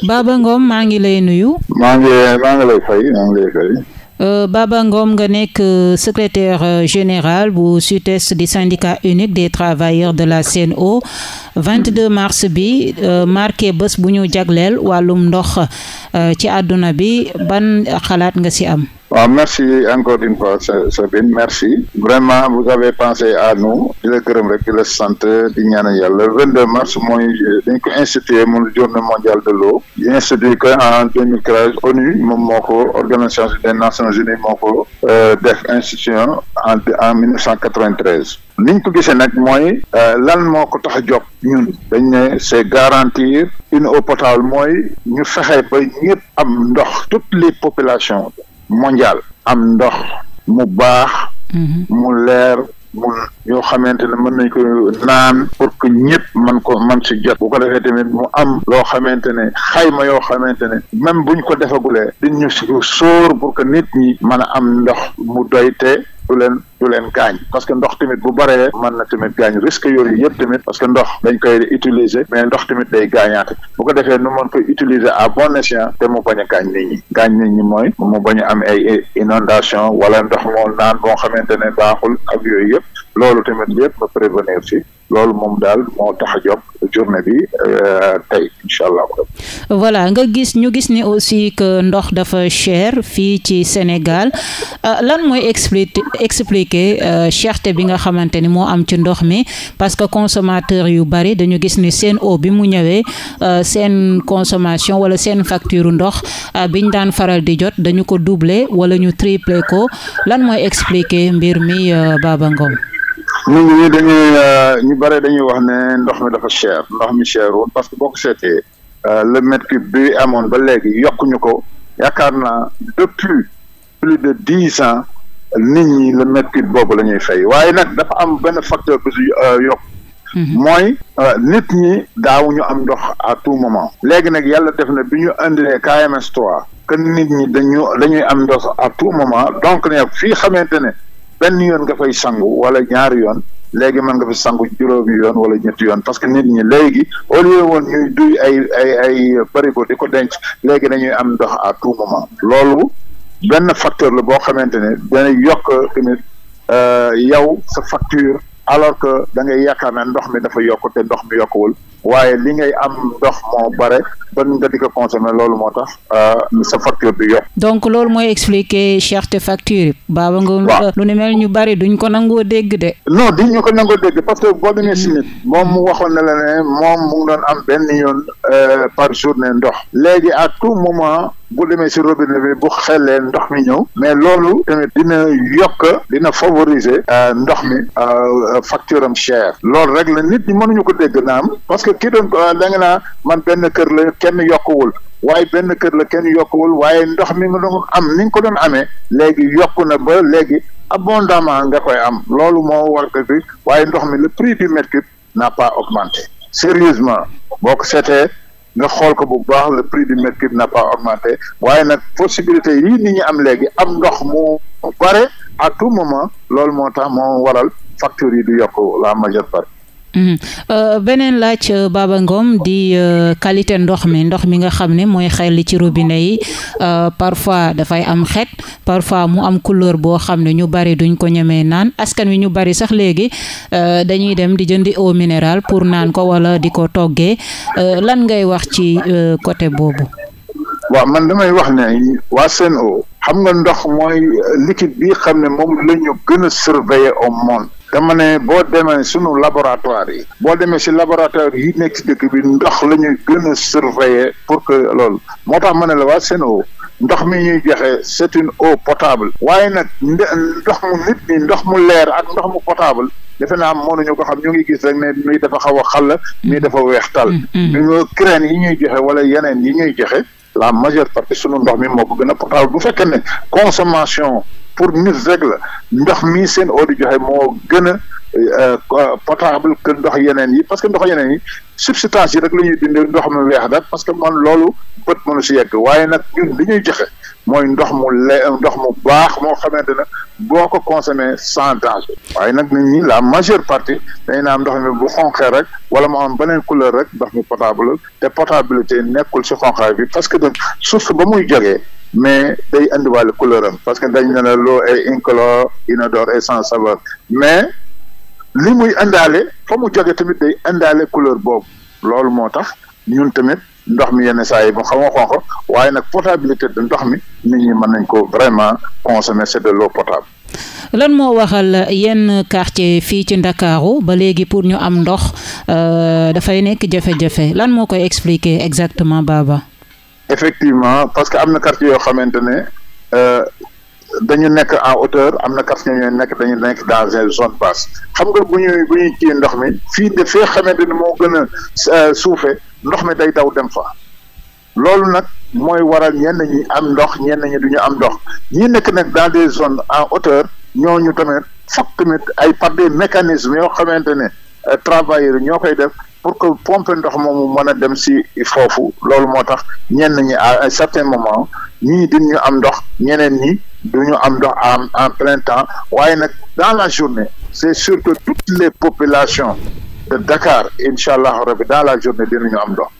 Baba ngoom maa ngi lay nuyu. maa ngi lay fay maa ngi lay fay. Euh, Baba ngoom nga nekk euh, secretaire euh, général bu SUTES di syndicat unique des travailleurs de la Sen'Eau 22 mars bi marqué bés bu ñu jagleel wàllum ndox ci àdduna bi ban xalaat nga ci am. waa ah, merci encore une fois Sabine merci vraiment vous avez pensé à nous di la gërëm rek di la sant di ñaan yàlla le 22 mars mooy euh, dañ ko institué mu journée mondiale de l'eau di institué ko en 2013 ONU moom moo ko organisation des nations unies moo ko euh, def institution en en 1993 ni ñu ko gisee nag mooy euh, lan moo ko tax a jóg ñun dañ ne c'est garantir une eau potable mooy ñu fexe ba ñëpp am ndox toutes les populations mondial am ndox mu baax mhm. mu leer mu yoo xamante ne mën nañ ko naan pour que ñëpp man ko man si jot bu ko defee tamit mu am loo xamante ne xayma yoo xamante ne même buñ ko defagulee di ñu si soor pour que nit ñi mën a am ndox mu doy te du leen du leen gaañ parce que ndox tamit bu baree mën na tamit gaañ risque yooyu yëpp tamit parce que ndox dañ koy utiliser mais ndox tamit day gaañaate bu ko defee nu mën koy utiliser à bon escient te mu bañ a gaañ nit ñi gaañ mooy mu bañ a am ay inondation wala ndox moo naan boo xamante ne baaxul ak yooyu yëpp loolu tamit yëpp ba prévenir si loolu moom daal moo tax a jóg journée bi euh, tey incha allah. voilà nga gis ñu gis ni aussi que ndox dafa cher fii ci Sénégal euh, lan mooy expliquer expliquer cherté bi nga xamante ni moo am ci ndox mi parce que consommateur yu bari dañu gis ni seen eau bi mu ñëwee euh, seen consommation wala seen facture ndox biñ daan faral di jot dañu ko doubler wala ñu tripler ko lan mooy expliquer mbir mi Baba Ngom nit ñi dañuy euh, ñu bare dañuy wax ne ndox mi dafa cher ndox mi cher woon parce que boo ko seetee euh, le mètre cube bi amoon ba léegi yokkuñu ko yaakaar naa depuis plus de dix ans nit ñi le mètre cube boobu la ñuy fay waaye nag dafa am benn facteur bu si euh, yokk mhm. mooy nit ñi daawuñu am ndox à tout moment léegi nag yàlla def na bi ñu indilee KMS trois que nit ñi dañu dañuy am ndox à tout moment donc ne fii xamante ne benn yoon nga fay sangu wala ñaari yoon léegi mën nga fi sangu juróomi yoon wala ñetti yoon parce que nit ñi léegi au lieu woon ñuy duy ay ay ay barigo di ko denc léegi dañuy am ndox à tout moment loolu benn facteur la boo xamante ne dana yokk tamit euh, yow sa facture alors que da ngay yaakaar ne ndox mi dafa yokk te ndox mi yokkuwul waaye li ngay am ndox moo bare ba nga di ko consommer loolu moo tax euh, sa facture bi yokk. donc loolu mooy expliquer cherté facture yi. Baba Ngom lu ne mel ñu bari duñ ko nangoo dégg de. non duñ ñu ko nangoo dégg parce que boo demee si nit mm-hmm. moom mu waxoon na la ne moom mu ngi doon am benn yoon euh, par journée ndox léegi ak tout moment. bu demee si robinet bi bu xellee ndox mi ñëw mais loolu tamit dina yokk dina favoriser euh, ndox mi euh, facteur am cher loolu rek la nit ñi mënuñu ko dégg am parce que kii doon euh, da nga naa man benn kër la kenn yokkuwul waaye benn kër la kenn yokkuwul waaye ndox mi nga doon am ni nga ko doon amee léegi yokku na ba léegi abondamment nga koy am loolu moo war bi waaye ndox mi le prix du mètre cube n'a pas augmenté sérieusement boo ko seetee nga xool ko bu baax le prix du mètre cube n'a pas augmenté waaye nag possibilité yi nit ñi am léegi am ndox mu bare à tout moment loolu moo tax mo waral facture yi du yokk la majeure partie Mhm. Euh, beneen laaj euh, Baba ngoom di euh, qualité ndox mi ndox mi nga xam ne mooy xel li ci robinet yi parfois dafay am xet parfois mu am couleur boo xam ne ñu bari duñ ko ñemee naan askan wi ñu bari sax léegi dañuy dem di jëndi eau minérale pour naan ko wala di ko toggee lan ngay wax ci côté boobu. waaw man damay wax ne waa Sen'Eau xam nga ndox mooy liquide bi xam ne moom la ñu gën au monde. dama ne boo demee sunu laboratoire yi boo demee si laboratoire yi nekk si dëkk bi ndox la ñuy gën a surveiller pour que loolu moo tax ma ne la waa Sen'Eau ndox mi ñuy joxe c'est une eau potable waaye nag ndox mu nit ñi ndox mu leer ak ndox mu potable defe naa mënuñu ko xam ñu ngi gis rek ne ñuy dafa xaw a xàll ñuy dafa weex tal mm, mm. ñu yi ñuy joxe wala yeneen yi ñuy joxe la majeure partie sunu ndox mi moo ko gën a potable bu fekkee ne consommation pour ñun rek la ndox mi seen eau di joxe moo gën a euh, potable que ndox yeneen yi parce que ndox yeneen yi substance yi rek la ñuy dindi ndox mu weex daal parce que man loolu bët mënu si yegg waaye nag ñun li ñuy joxe mooy ndox mu lee ndox mu baax moo xamante ne boo ko consommé sans danger waaye nag ni ñi la majeure partie dañ na am ndox mi bu xonqee rek wala mu am beneen couleur rek ndox mi potable te potabilité nekkul si xonqaay bi parce que suuf mais day andiwaale couleur am parce que dañ ne la l'eau est incolore inodore et sans saveur mais li muy àndaale fa mu jóge tamit day àndaale couleur boobu loolu moo tax ñun tamit ndox mi yenn saa yi xam xaw a waaye nag potabilité de ndox mi nit ñi mën nañ ko vraiment consommer c'est de l'eau potable. lan moo waxal yenn quartier fii ci Ndakaaru ba léegi pour ñu am ndox euh, dafay nekk jafe-jafe lan moo koy expliquer exactement Baba. effectivement parce que am na quartier yoo xamante ne euh, dañu nekk en hauteur am na quartier yoo nekk dañu nekk dans une zone basse xam nga bu ñuy bu ñuy kii ndox mi fii def fee xamante ne moo gën a euh, suufee ndox mi day daw dem fa loolu nag mooy waral ñenn ñi am ndox ñenn ñi du ñu am ndox ñi nekk nag dans des zones en hauteur ñu tamit fokk tamit ay par des mécanismes yoo xamante ne euh, travailleurs ñoo koy def pour que pompe ndox moomu mën a dem si foofu loolu moo tax ñenn ñi à un certain moment ñii duñu am ndox ñeneen ñi duñu am ndox en en plein temps waaye nag dans la journée c'est sûr que toutes les populations de Dakar incha allah rabi dans la journée dinañu am ndox.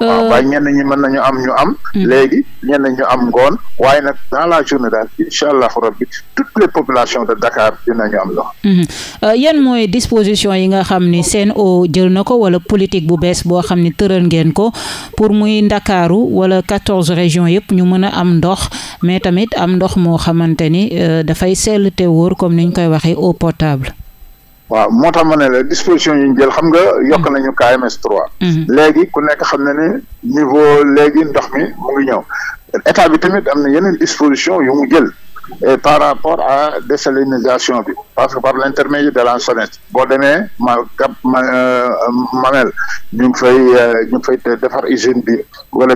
waaw euh, ah, waaye ñenn ñi mën nañu am ñu am. Mm-hmm. léegi ñenn ñu am ngoon waaye nag dans la journée daal incha allahu rabbi toutes les populations de Dakar dinañu am ndox. Mm-hmm. Euh, yan mooy disposition yi nga xam ni Sen'Eau jël na ko wala politique bu bees boo xam ni tëral ngeen ko pour muy Ndakaaru wala quatorze régions yëpp ñu mën a am ndox mais tamit am ndox moo xamante ni euh, dafay sell te wóor comme ni ñu koy waxee eau portable waaw moo tax ma ne la disposition yi ñu jël xam nga yokk mm. nañu KMS 3. Mm-hmm. léegi ku nekk xam na ne niveau léegi ndox mi mu ngi ñëw état bi tamit am na yeneen disposition yu mu jël. et par rapport à désalinisation bi parce que par l' intermédiaire de la sonnette boo demee ma cap ma euh, Mamel ñu ngi fay euh, ñu ngi fay defar usine bi bu ko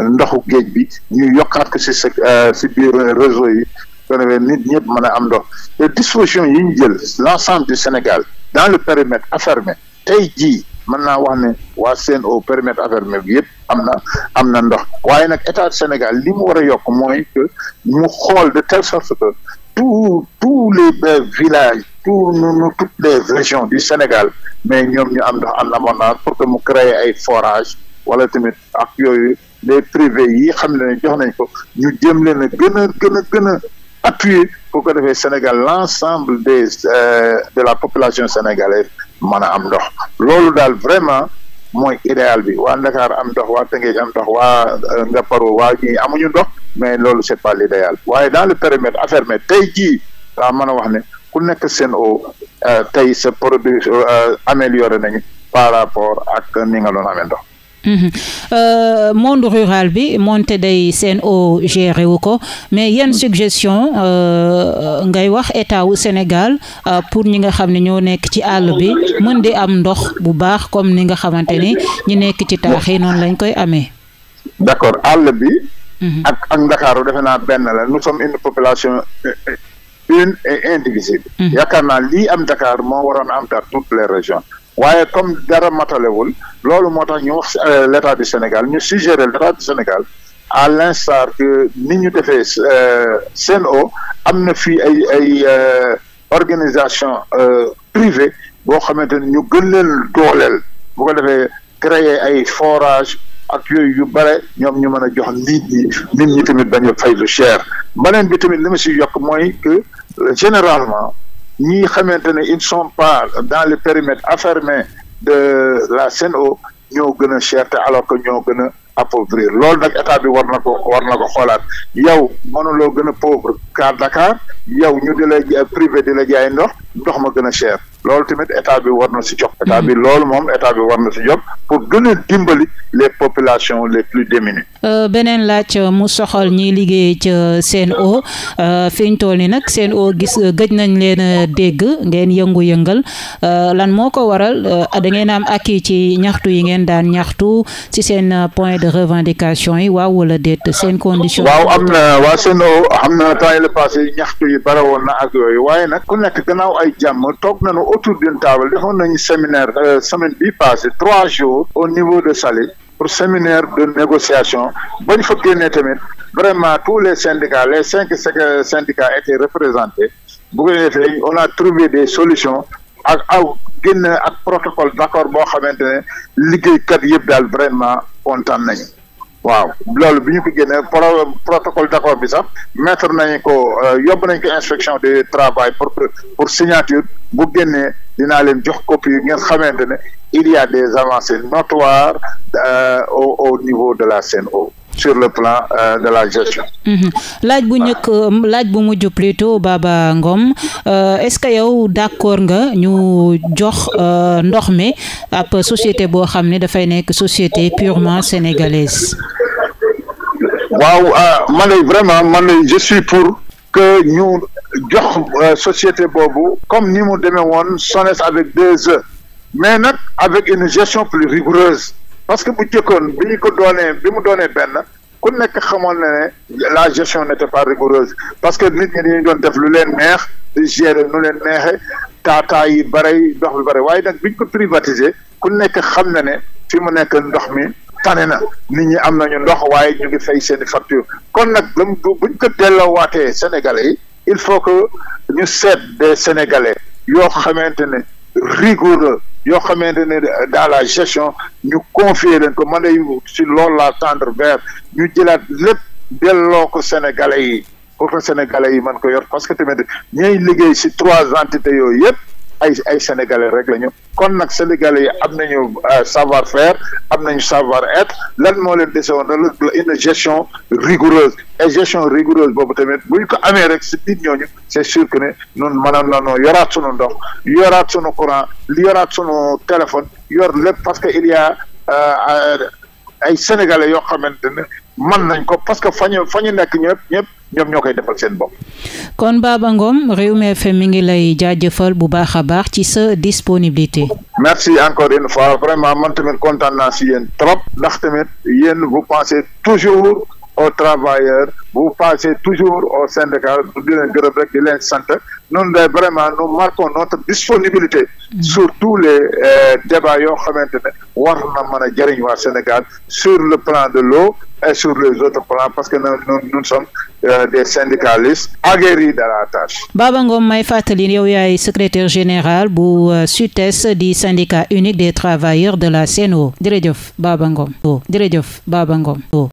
ndoxu géej bi ñu yokkaat ko si sa euh, si biir réseau yi ko defee nit ñëpp mën a am ndox te disposition yi ñu jël l' ensemble du Sénégal dans le périmètre affermé tey jii mën naa wax ne waa CNO périmètre affermé bi yëpp am na am na ndox waaye nag état Sénégal li mu war a yokk mooy que mu xool de telle sorte que tous tous les villages tous nous toutes les régions du Sénégal mais ñoom ñu am ndox am na en na pour que mu créer ay forages wala tamit ak yooyu les privés yi xam ne jox nañ ko ñu jëm leen a gën a gën a gën a appuyer pour que defee Sénégal l'ensemble des euh, de la population sénégalaise mën a am ndox loolu daal vraiment mooy idéal bi waa Ndakaar am ndox wa Tëngéej am ndox waa euh, Ngaparou waa ñii amuñu ndox mais loolu c'est pas l'idéal waaye dans le périmètre affaire mais tey jii laa mën a wax ne ku nekk Sen'Eau euh, tey sa produit amélioré nañu par rapport ak ni nga doon amee ndox Mhm. Euh, monde rural bi moonte day seen o géré ko mais yan suggestion euh, ngay wax état wu Sénégal euh, pour ñi nga xam ne ñoo nekk ci àll bi mën di am ndox bu baax comme ni nga xamante ni ñi nekk ci taax yi noonu lañ koy amee. d'accord àll bi. Mhm. ak ak Ndakaaru defe naa benn la nous sommes une population une et indivisible. Mhm. yaakaar naa lii am ndakaar moo waroon am dans toutes les régions. waaye comme dara matalewul loolu moo tax ñu wax euh, l' du Sénégal ñu suggérer l' état du Sénégal à l' que ni ñu defee euh, Sen'Eau am na fii ay ay euh, organisation privée boo xamante ni ñu gën leen dooleel bu ko defee créer ay forage ak yooyu yu bare ñoom ñu mën a jox nit ñi nit ñi tamit bañ a fay lu cher beneen bi tamit li ma si yokk mooy que généralement ñi xamante ne ils sont pas dans le périmètre affaire mais de la CNO ñoo gën a cher te alors que ñoo gën a appauvrir lool nag état bi war na ko war na ko xoolaat yow mënuloo gën a pauvre car Dakar yow ñu di la privé di la jaay ndox ndox ma gën a cher loolu tamit état bi war na si jóg état bi hmm. loolu moom état bi war na si pour gën a dimbali les populations les plus démunies. Euh, beneen laaj euh, mu soxal ñi liggéey ca euh, Sen'Eau fi ñu toll nii nag o gis gëj nañ leen dégg ngeen yëngu-yëngal lan moo ko waral da ngeen am ak ci ñaxtu yi ngeen daan ñaxtu ci seen point de revendication yi waaw wala déet seen condition. waaw am na waa am na temps yii la passé ñaxtu yi bare woon na ak yooyu waaye nag ku nekk gannaaw autour d'une table defoon nañu séminaire euh, semaine bii passée trois jours au niveau de Saly pour séminaire de négociation bañ fa génnee tamit vraiment tous les syndicats les cinq syndicats étaient représentés bu ko defee on a trouvé des solutions ak aw génn ak protocole d'accord boo xamante ne liggéeykat yëpp daal vraiment kontaan nañu. waaw loolu bi ñu ko génnee pro protocole d'accord bi sax mettre nañu ko euh, yóbbu nañ ko inspection du travail pour pour signature bu génnee dinaa leen jox copie ngeen xamante ne il y des avancées notoires euh, au au niveau de la CNO sur le plan euh, de la gestion. Mhm. laaj bu njëkk euh, laaj bu mujj plutôt Baba Ngom euh, est-ce que yow d'accord nga ñu jox ndox mi ab société boo xam ne dafay nekk société purement sénégalaise. waaw man lay je suis pour que ñu jox société boobu comme ni mu demee woon SONES avec deux E mais nag avec une gestion plus rigoureuse. parce que bu jëkkoon bi ñu ko doonee bi mu doonee benn ku nekk xamoon na ne la gestion n'était pas rigoureuse parce que nit ñi dañu doon def lu leen neex di gérer nu leen neexe taataa yi bare ndox bi bare waaye nag bi ñu ko privatiser ku nekk xam na ne fi mu nekk ndox mi tane na nit ñi am nañu ndox waaye ñu ngi fay seen i facture kon nag buñ ko delloowaatee sénégalais yi il faut que ñu seet des sénégalais yoo xamante ne rigoureux yoo xamante ne dans la gestion ñu confier leen ko man day si lool laa tendre vers ñu jëlaat lép delloo ko sénégalais yi pour que sénégalais yi man ko yor parce que tamit ñuy liggéey si trois entités yooyu yëpp. ay ay sénégalais rek la ñu kon nag sénégalais yi am nañu euh, savoir faire am nañu savoir être lan moo leen dese woon une gestion rigoureuse et gestion rigoureuse boobu tamit bu ñu ko amee rek si biir ñooñu c' est que ne ñun mënoon nañoo yoraat sunu ndox yoraat sunu courant yoraat sunu téléphone yor lépp parce que il y euh, euh, ay sénégalais yoo xamante ne mën nañ ko parce que fa ñu fa ñu nekk ñëpp ñëpp. ñoom ñoo koy defal seen bopp. kon Baba Ngom Rewmi FM mi ngi lay jaajëfal bu baax a baax ci sa disponibilité. merci encore une fois vraiment man tamit kontaan naa si yéen trop ndax tamit yéen vous pensez toujours aux travailleurs bu pensez toujours aux syndicats di leen gërëm rek di leen sant noonu day vraiment nous marquons notre disponibilité. Mm. sur tous les euh, débats yoo xamante ne. war na mën a Sénégal sur le plan de l'eau et sur les autres plans parce que nous nous sommes euh, des syndicalistes aguerris dans la tâche. Baba Ngom may fàttali yow yaay secrétaire général bu euh, SUTES di syndicat unique des travailleurs de la Sen'Eau jërëjëf Baba Ngom jërëjëf Baba Ngom